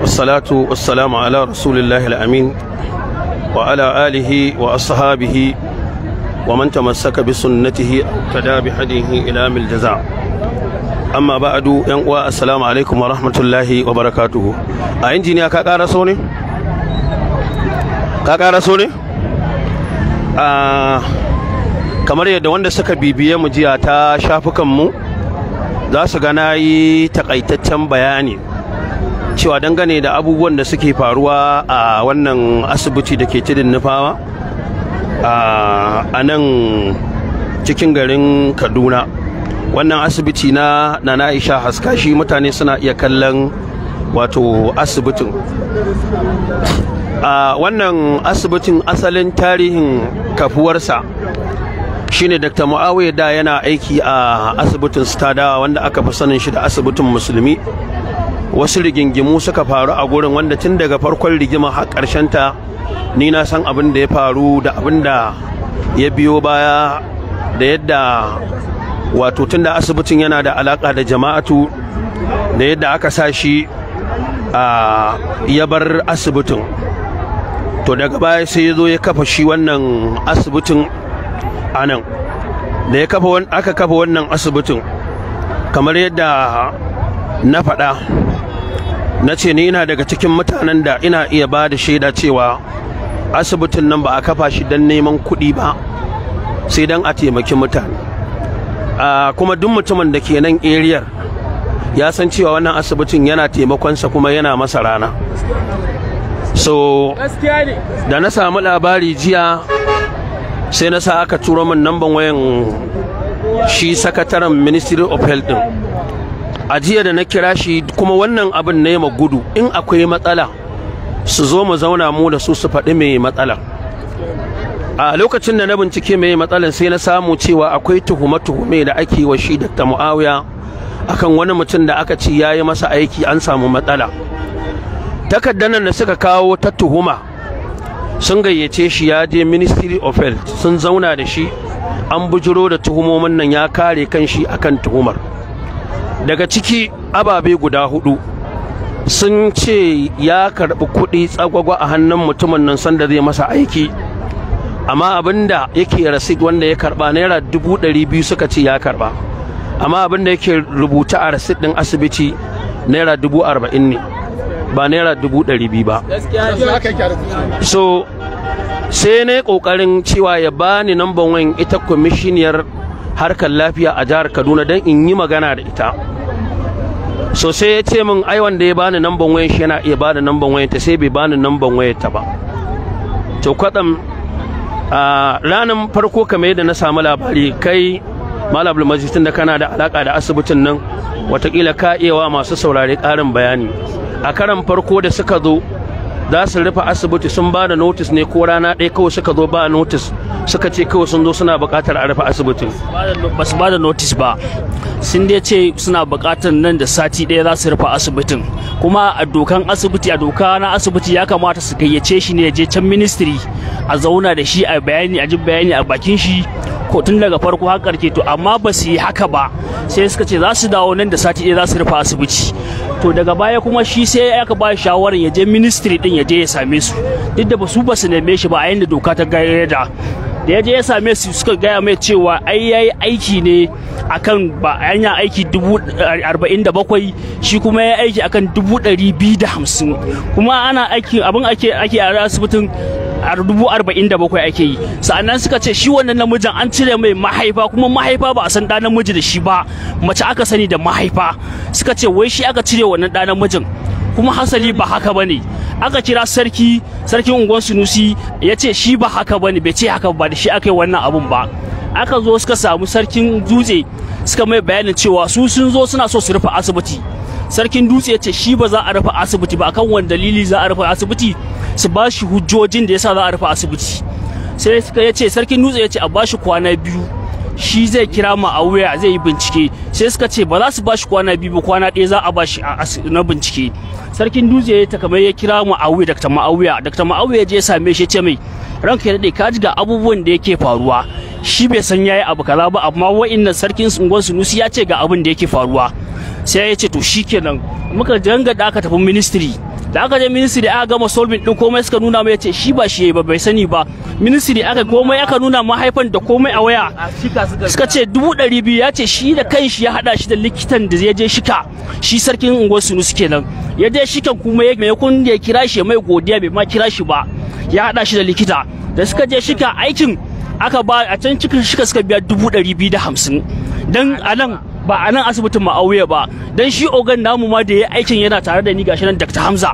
wassalatu wassalamu ala rasulillahi al'amin wa alihi wa ashabihi wa man tamassaka bi sunnatihi tada bi hadihi ila mil jaza amma ba'du yan uwa assalamu alaikum wa rahmatullahi wa barakatuhu a injiniya ka ƙara so ka ƙara so ah, kamar yadda wanda suka bibiye mu jiya ta shafukanmu mu za su gana yi takaitaccen bayani cewa dangane da abubuwan da suke faruwa a wannan asibiti da ke cidin nufawa a nan cikin garin kaduna wannan asibiti na nana aisha haskashi mutane suna iya kallon wato asibitin a wannan asibitin asalin tarihin kafuwarsa shine dr muawiya da yana aiki a asibitin stadawa wanda aka fi sanin shi da asibitin musulmi wasu rigingimu suka faru a gurin wanda tun daga farkon rigima har ta ni na san abin da ya faru da abin da ya biyo baya da yadda wato tun da asibitin yana da alaka da jama'atu da yadda aka sa shi a ya bar asibitin to daga baya sai ya zo ya kafa shi wannan asibitin a nan da ya kafa aka kafa wannan asibitin kamar yadda na faɗa na ce ni ina daga cikin mutanen da ina iya ba da shaida cewa asibitin nan ba a kafa shi don neman kuɗi ba sai don a taimaki mutane kuma duk mutumin da ke nan eriyar ya san cewa wannan asibitin yana taimakonsa kuma yana masa rana so da na samu labari jiya sai na sa aka turo min namban wayan shi sakataren ministry of health din a jiya da na kira shi kuma wannan abin ne ma gudu in akwai matsala su zo mu zauna mu da su su faɗi mai matsala a lokacin da na bincike mai matsalar sai na samu cewa akwai tuhume-tuhume da ake wa shi Dr. Muawiya akan wani mutum da aka ci yayi masa aiki an samu matsala takaddanan da suka kawo ta tuhuma sun gayyace shi ya je ministry of health sun zauna da shi an bujiro da tuhumomin nan ya kare kan shi akan tuhumar daga ciki ababe guda hudu sun ce ya karbi kuɗi tsagwagwa a hannun mutumin nan sanda zai masa aiki amma abinda yake rasid wanda ya karba naira dubu ɗari biyu suka ce ya karba amma abinda yake rubuta a rasid ɗin asibiti naira dubu arba'in ne ba naira dubu ɗari biyu ba so sai na ƙoƙarin cewa ya bani number one ita kwamishiniyar harkar lafiya a jihar kaduna don in yi magana da ita so sai ya ce min ai wanda ya bani number one shi yana iya bani number one ta sai bai bani number one ta ba to kwaɗam ranar farko kamar yadda na samu labari kai malam tun da kana da alaka da asibitin nan watakila ka iya wa masu saurari ƙarin bayani a karan farko da suka zo za su rufe asibiti sun ba da notis ne ko rana ɗaya kawai suka zo ba notis suka ce kawai sun zo suna buƙatar a rufe asibiti. ba su ba da notis ba sun dai ce suna buƙatar nan da sati ɗaya za su rufe asibitin kuma a dokan asibiti a doka na asibiti ya kamata su gayyace shi ne je can ministry a zauna da shi a bayani a ji bayani a bakin shi ko tun daga farko har ƙarke to amma ba su yi haka ba sai suka ce za su dawo nan da sati ɗaya za su rufe asibiti to daga baya kuma shi sai aka ba shawarar ya je ministry din ya je ya same su duk da su ba su neme shi ba a yanda doka ta gayyada da da ya je ya same su suka gaya mai cewa ai yayi aiki ne akan ba hanya aiki dubu eh, arba'in shi kuma ya aiki akan dubu ɗari da hamsin kuma ana aiki abin ake ake a asibitin dubu arba'in da bakwai ake yi sa'annan suka ce shi wannan namijin an cire mai mahaifa kuma mahaifa ba a san da namiji da shi ba mace aka sani da mahaifa suka ce wai shi aka cire wannan ɗan namijin kuma hasali ba haka bane aka kira sarki sarkin unguwar sunusi ya ce shi ba haka bane bai ce haka ba da shi aka yi wannan abun ba aka zo suka samu sarkin dutse suka mai bayanin cewa su sun zo suna so su rufe asibiti sarkin dutse ya ce shi ba za a rufe asibiti ba akan wani dalili za a rufe asibiti su ba shi hujjojin da yasa za a rufe asibiti sai suka ya ce sarkin dutse ya ce a ba shi kwana biyu shi zai kira ma a wuya zai yi bincike sai suka ce ba za su ba shi kwana biyu ba kwana ɗaya za a ba shi na bincike sarkin dutse ya takamai ya kira ma a wuya dakta ma'auya dakta ma'auya je ya same shi ya ce mai ranka ya daɗe ka ji ga abubuwan da yake faruwa shi bai san yayi abu kaza ba amma wa'innan sarkin unguwar sunusi ya ce ga abin da yake faruwa sai ya ce to shikenan muka danga da aka tafi ministry da aka je ministry aka gama solving din komai suka nuna mai yace shi ba shi ba bai sani ba ministry aka komai aka nuna mahaifan da komai a waya suka ce dubu ɗari biyu ya ce shi da kanshi ya hada shi da likitan da ya je shika shi sarkin unguwar suke kenan ya je shikan kuma ya mai kun ya kira shi mai godiya bai ma kira shi ba ya hada shi da likita da suka je shika aikin aka ba a can cikin shika suka biya dubu ɗari biyu da hamsin don a nan ba a nan asibitin ma'auya ba don shi ogan namu ma da ya aikin yana tare da ni gashi nan Dr. Hamza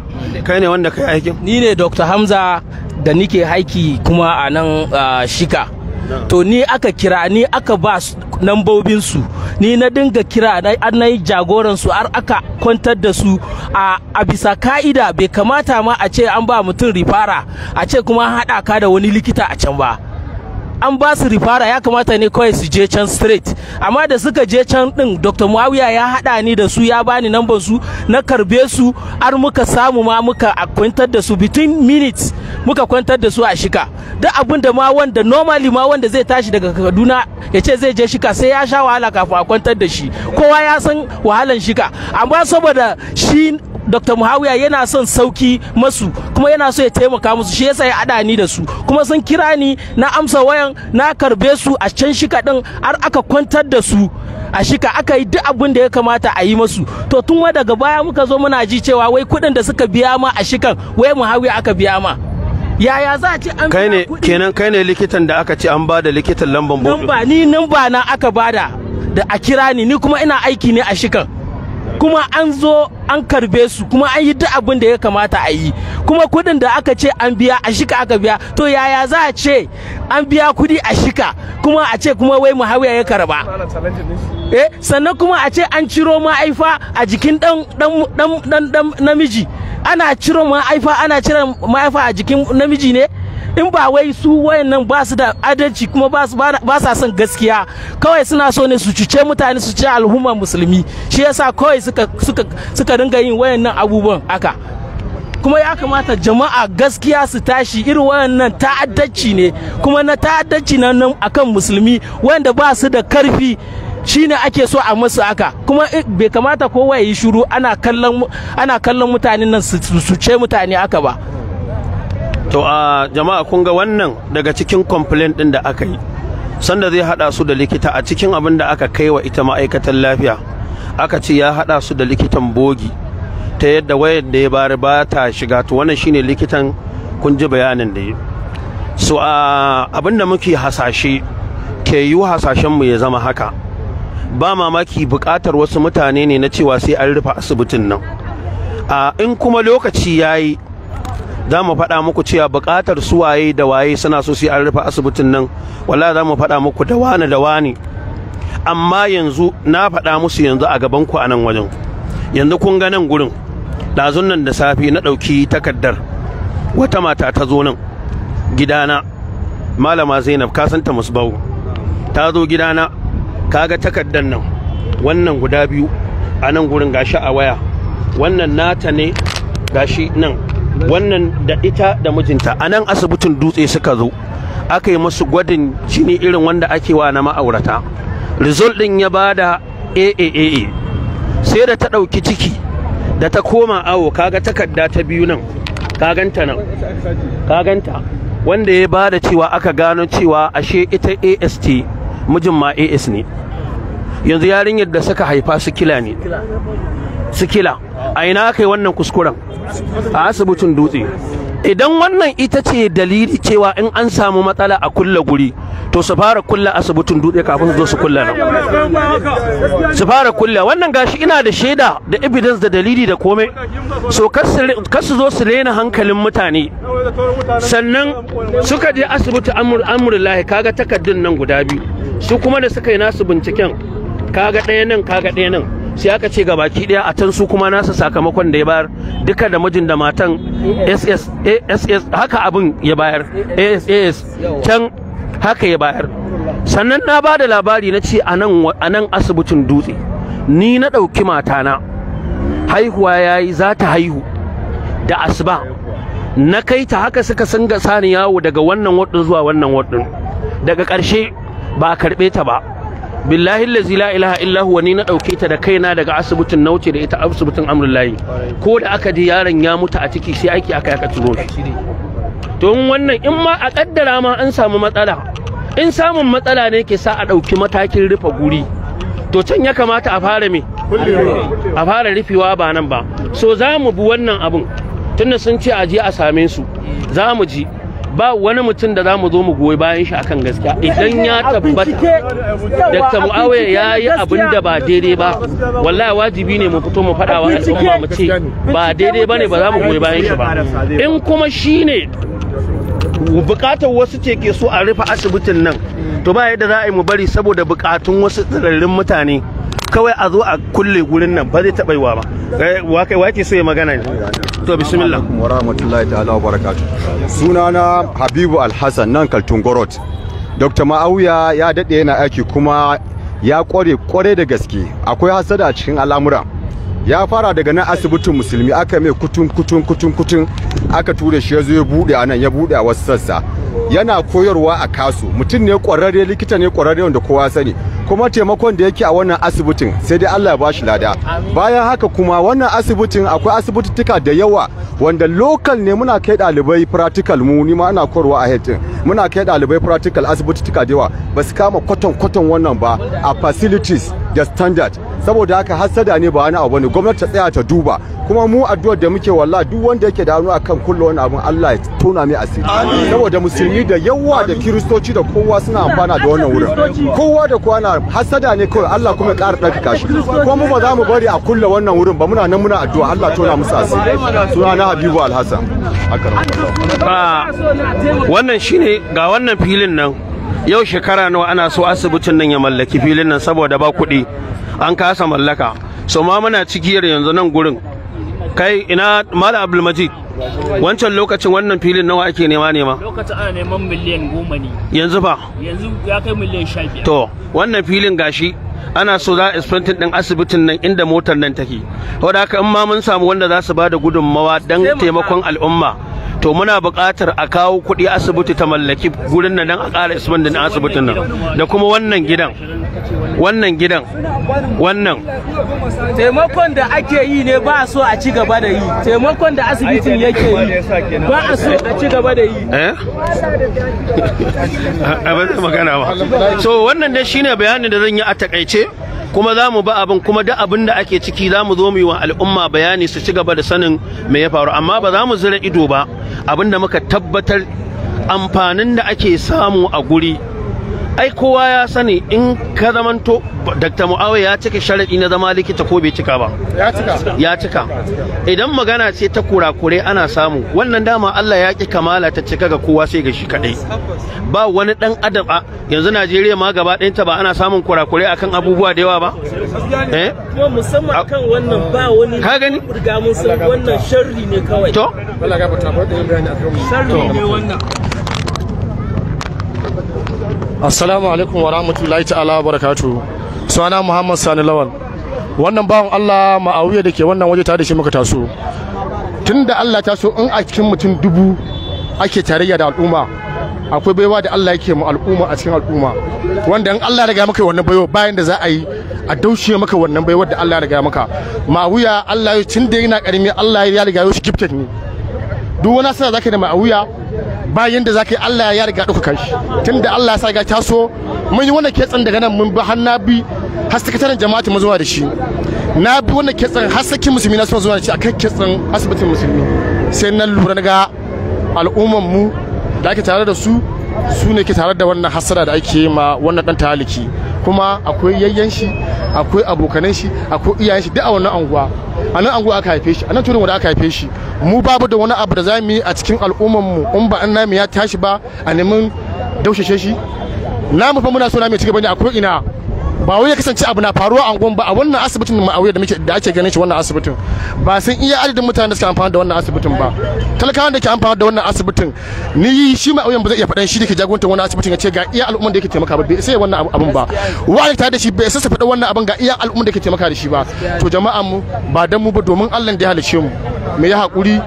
kai ne wanda kai aikin ni ne Dr. Hamza da nike haiki kuma a nan shika to ni aka kira ni aka ba nambobin su ni na dinga kira na yi jagoran su har aka kwantar da su a bisa ka'ida bai kamata ma a ce an ba mutum rifara a ce kuma haɗa ka da wani likita a can ba an ba su rifara ya kamata ne kawai su je can straight amma da suka je can din dr muawiya ya hada ni da su ya bani namban su na karbe su har muka samu ma muka kwantar da su between minutes muka kwantar da su a shika duk abin da ma wanda normally ma wanda zai tashi daga kaduna ya ce zai je shika sai ya sha wahala kafin a kwantar da shi kowa ya san wahalan shika amma saboda shi dr muhawiya yana son sauki masu kuma yana so ya taimaka musu shi yasa ya haɗa ni da su kuma sun kira ni na amsa wayan na karbe su a can shika din har aka kwantar da su a shika aka yi duk abin da ya kamata a yi masu to tun wa daga baya muka zo muna ji cewa wai kuɗin da suka biya ma a shikan wai muhawiya aka biya ma yaya za a ce an kai ne kenan kai ne likitan da aka ce an ba da likitan lamban bodo ni nan ba na aka bada da a kira ni ni kuma ina aiki ne a shikan kuma an zo an karbe su kuma an yi duk abin da ya kamata a yi kuma kuɗin da aka ce an biya a shika aka biya to yaya za a ce an biya kuɗi a shika kuma a ce kuma wai muhawiya ya karba eh sannan kuma a ce an ciro ma'aifa a jikin dan namiji ana ciro ma'aifa ma'aifa a jikin namiji ne in ba wai su wayannan ba su da adalci kuma ba sa son gaskiya kawai suna so ne su cuce mutane su ci al'ummar musulmi shi yasa kawai suka suka suka dinga yin wayannan abubuwan aka kuma ya kamata jama'a gaskiya su tashi irin wayannan ta'addanci ne kuma na ta'addanci nan akan musulmi wanda ba su da karfi shine ake so a masu aka kuma eh, bai kamata kowa ya yi shuru ana kallon mutanen nan su ce mutane aka ba to a jama'a kun ga wannan daga cikin complaint din da aka yi sanda zai hada su da likita a cikin abin da aka kai wa ita ma'aikatan lafiya aka ce ya hada su da likitan bogi ta yadda wayar da ya bari ba ta shiga to wannan shine likitan kun ji bayanin da yi. so a abin da muke hasashe ke yi hasashen mu ya zama haka ba mamaki buƙatar wasu mutane ne na cewa sai an rufe asibitin nan a in kuma lokaci yayi za mu faɗa muku cewa buƙatar su waye da waye suna so sai an rufe asibitin nan wallahi za mu faɗa muku da wani da wani amma yanzu na faɗa musu yanzu a gaban ku a nan wajen yanzu kun ga nan gurin ɗazun nan da safe na ɗauki takardar wata mata ta zo nan gidana malama zainab ka santa musbau ta zo gidana kaga takardar nan wannan guda biyu a nan gurin gashi a waya wannan nata ne gashi nan wannan da ita da mijinta a nan asibitin dutse suka zo aka yi masu gwadin cini irin wanda ake wa na ma'aurata rizol din ya da AAA sai da ta ɗauki ciki da ta koma awo kaga takarda ta biyu nan kaganta nan kaganta wanda ya ba da cewa aka gano cewa ashe ita AST mijin ma AS ne yanzu yarinyar da suka haifa su kila ne sikila a ina ka yi wannan kuskuren a asibitin dutse idan wannan ita ce dalili cewa in an samu matsala a kulla guri to su fara kulla asibitin dutse kafin su zo su kulla nan su fara kulla wannan gashi ina da shaida da evidence da dalili da komai so kar su zo su rena hankalin mutane sannan suka je asibiti amurillahi kaga takardun nan guda biyu su kuma da suka yi nasu binciken kaga ɗaya nan kaga ɗaya nan sai aka ce gabaki daya a can su kuma nasa sakamakon da ya bayar duka da mijin da matan ss eh, haka abin ya bayar ss can haka ya bayar sannan na ba da labari na ce a nan asibitin dutse ni na ɗauki matana haihuwa ya yi za ta haihu da asuba na kai ta haka suka sanga sani yawo daga wannan waɗin zuwa wannan waɗin daga karshe ba a karɓe ta ba billahi lazi la ilaha illahu wani na dauke ta da kaina daga asibitin na wuce da ita asibitin amurin layi ko da aka ji yaron ya mutu a ciki sai aiki aka yaka turo shi to wannan in ma a kaddara ma an samu matsala in samun matsala ne ke sa a ɗauki matakin rufe guri to can ya kamata a fara me a fara rufewa ba nan ba so za mu bi wannan abun tunda sun ce a je a same su za mu ji ba wani mutum da za mu zo mu goyi bayan shi akan gaskiya idan ya tabbata da Muawiya ya yi abin da ba daidai ba wallahi wajibi ne mu fito mu faɗa wa al'umma mu ce ba daidai ba ne ba za mu goyi bayan shi ba in kuma shi ne bukatar wasu ce ke so a rufe asibitin nan to ba yadda za a yi mu bari saboda bukatun wasu tsirarrin mutane kawai a zo a kulle gurin nan ba zai taɓa yiwa ba Eh, wake so sai magana ne to bismillah wa rahmatullahi ta'ala wa barakatuh sunana habibu alhassan nan kaltun gorot dr ma'auya ya dade yana aiki kuma ya kware kware da gaske akwai hasada a cikin al'amura ya fara daga nan asibitin musulmi aka mai kutun kutun kutun kutun aka tura shi ya zo ya bude a nan ya bude a wasu sassa yana koyarwa a kasu mutum ne kwararre likita ne kwararre wanda kowa sani kuma taimakon da yake a wannan asibitin sai dai Allah ya bashi lada bayan haka kuma wannan asibitin akwai asibitittuka da yawa wanda lokal ne muna kai dalibai practical mu ni ma ana korwa a hetin muna kai dalibai practical asibitittuka da yawa ba su kama kwaton kwaton wannan ba a facilities da standard saboda haka hasada ne ba wani abu ne gwamnati ta tsaya ta duba kuma mu addu'ar da muke walla duk wanda yake da hannu akan kullu wani abun Allah ya tona mai asiri saboda musulmi da yawa da kiristoci da kowa suna amfana da wannan wurin kowa da kowa na hasada ne kawai Allah kuma ya ƙara ɗaga kashi kuma mu ba za mu bari a kulla wannan wurin ba muna nan muna addu'a Allah tona musu asiri suna na Habibu Alhassan ba wannan shine ga wannan filin nan yau shekara nawa ana so asibitin nan ya mallaki filin nan saboda ba kuɗi an kasa mallaka so ma muna cikiyar yanzu nan gurin kai ina mala abdulmajid wancan lokacin wannan filin nawa ake nema nema lokacin ana neman miliyan goma ne yanzu ba. yanzu ya kai miliyan sha biyar to wannan filin gashi ana so za a explantin din asibitin nan inda motar nan take da haka in ma mun samu wanda za su ba da gudunmawa don taimakon al'umma to muna buƙatar a kawo kuɗi asibiti ta mallaki gurin nan dan a ƙara isman da asibitin nan da kuma wannan gidan wannan gidan wannan taimakon da ake yi ne ba a so a ci gaba da yi taimakon da asibitin yake yi ba a so a ci gaba da yi eh a ba magana ba so wannan dai shine bayanin da zan yi a takaice kuma za mu ba abin kuma duk abin da ake ciki za mu zo mu yi wa al'umma bayani su ci gaba da sanin me ya faru amma ba za mu zira ido ba abin da muka tabbatar amfanin da ake samu a guri ai kowa ya sani in ka zamanto dr mu'awai ya cika sharaɗi na zama likita ko bai cika ba ya cika idan magana ce ta kurakurai ana samu wannan dama allah ya ƙi kamala ta cika ga kowa sai ga shi kaɗai ba wani ɗan adam a yanzu najeriya ma gaba ɗayanta ba ana samun a akan abubuwa da yawa ba eh? kuma musamman akan wannan ba wani ka gani wannan sharri ne kawai to Allah ta Ibrahim sharri ne wannan assalamu alaikum wa rahmatullahi ta'ala wa barakatu suna muhammad sani lawal wannan bawan allah ma'awiya da ke wannan waje tare da shi muka taso tun da allah ta so in a cikin mutum dubu ake tarayya da al'umma akwai baiwa da allah yake mu al'umma a cikin al'umma wanda in allah riga maka wannan baiwa bayan da za a yi a daushe maka wannan baiwa da allah riga maka ma'awiya allah tun da yana karami allah ya riga ya shi gifted ne duk wani asara zaka da ma'awiya bayan da zaka yi Allah ya riga ɗaukaka shi da Allah ya sa ga taso mun yi wannan ketsan daga nan mun bi har na bi har jama'atu mu zuwa da shi na bi wannan ketsan hasakin musulmi na suna zuwa da shi akan ketsan asibitin musulmi sai na lura daga al'umman mu da ake tare da su su ne ke tare da wannan hasara da ake ma wannan dan taliki kuma akwai yayyan shi akwai abokanan shi akwai iyayen shi duk a wannan anguwa a nan anguwa aka haife shi a nan turin wanda aka haife shi mu babu da wani abu da za mu yi a cikin al'ummar mu in ba an namu ya tashi ba a neman daushe shi namu fa muna so na mai cigaba ne a ko ina ba wai ya kasance abu na faruwa a gwamba a wannan asibitin ma'auya da muke da ake ganin shi wannan asibitin ba sun iya adadin mutanen da suka amfana da wannan asibitin ba talakawan da ke amfana da wannan asibitin ni shi ma'auyan ba zai iya faɗan shi da ke jagorantar wannan asibitin ya ce ga iya al'umman da yake taimaka ba bai sai wannan abun ba wani ta da shi bai sassa faɗa wannan abun ga iya al'umman da ke taimaka da shi ba to jama'a mu ba dan mu ba domin Allah da ya halice mu me ya haƙuri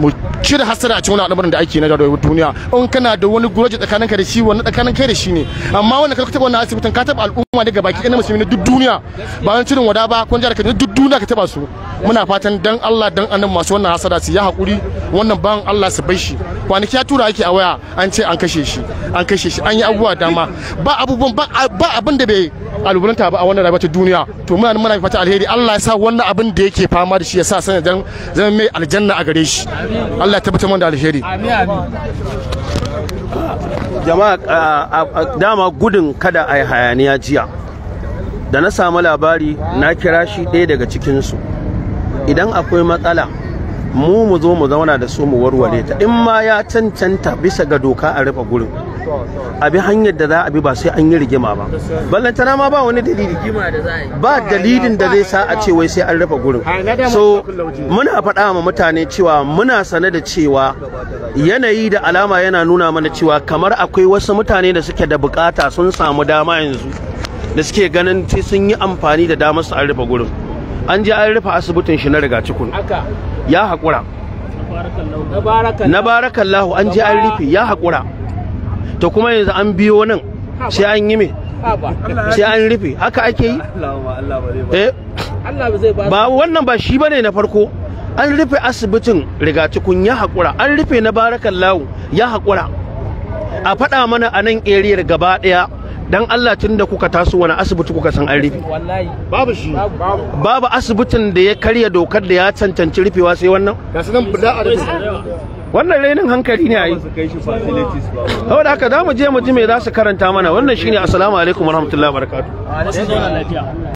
mu cire hasara a cikin wani al'amarin da ake na da duniya in kana da wani guroji tsakanin ka da shi wani tsakanin kai da shi ne amma wannan ka taba wannan asibitin ka taba al'umma daga baki ina musulmi na duk duniya ba wani cirin wada ba kun jihar ka duk duniya ka taba su muna fatan dan Allah dan annabi masu wannan hasara su ya hakuri wannan ban Allah su bai shi kwanaki ya tura yake a waya an ce an kashe shi an kashe shi an yi abubuwa dama ba abubuwan ba abin da bai alburanta ba a wannan rayuwa duniya to muna muna fata alheri Allah ya sa wannan abin da yake fama da shi ya sa dan zama mai aljanna a gare shi Allah ya tabbatar da alheri jama'a dama gudun kada a hayaniya jiya da na samu labari na kira shi ɗaya daga cikinsu idan akwai matsala mu mu zo mu zauna da su mu warware ta in ma ya cancanta bisa ga doka a rufe gurin abi hanyar da za a bi ba sai an yi rigima ba ballantana ma ba wani dalili ba dalilin da zai sa a ce wai sai an rufe gurin so muna faɗa ma mutane cewa muna sane da cewa yanayi da alama yana nuna mana cewa kamar akwai wasu mutane da suke da bukata sun samu dama yanzu da suke ganin sun yi amfani da damar su an rufe gurin an je an rufe asibitin shi na riga cikun ya haƙura na barakallahu an je an rufe ya haƙura to kuma yanzu an biyo nan sai an yi me sai an rufe haka ake yi ba eh. wannan ba shi bane na farko an rufe asibitin rigacikun ya haƙura an rufe na barakan lawo ya haƙura a faɗa mana a nan eriyar gaba ɗaya dan Allah tun da kuka taso wani asibiti kuka san an rufe babu shi babu asibitin da ya karya dokar da ya cancanci rufewa sai wannan wannan rainin hankali ne a yi da haka za mu je mu ji me za su karanta mana wannan shine assalamu alaikum warahmatullahi wabarakatuh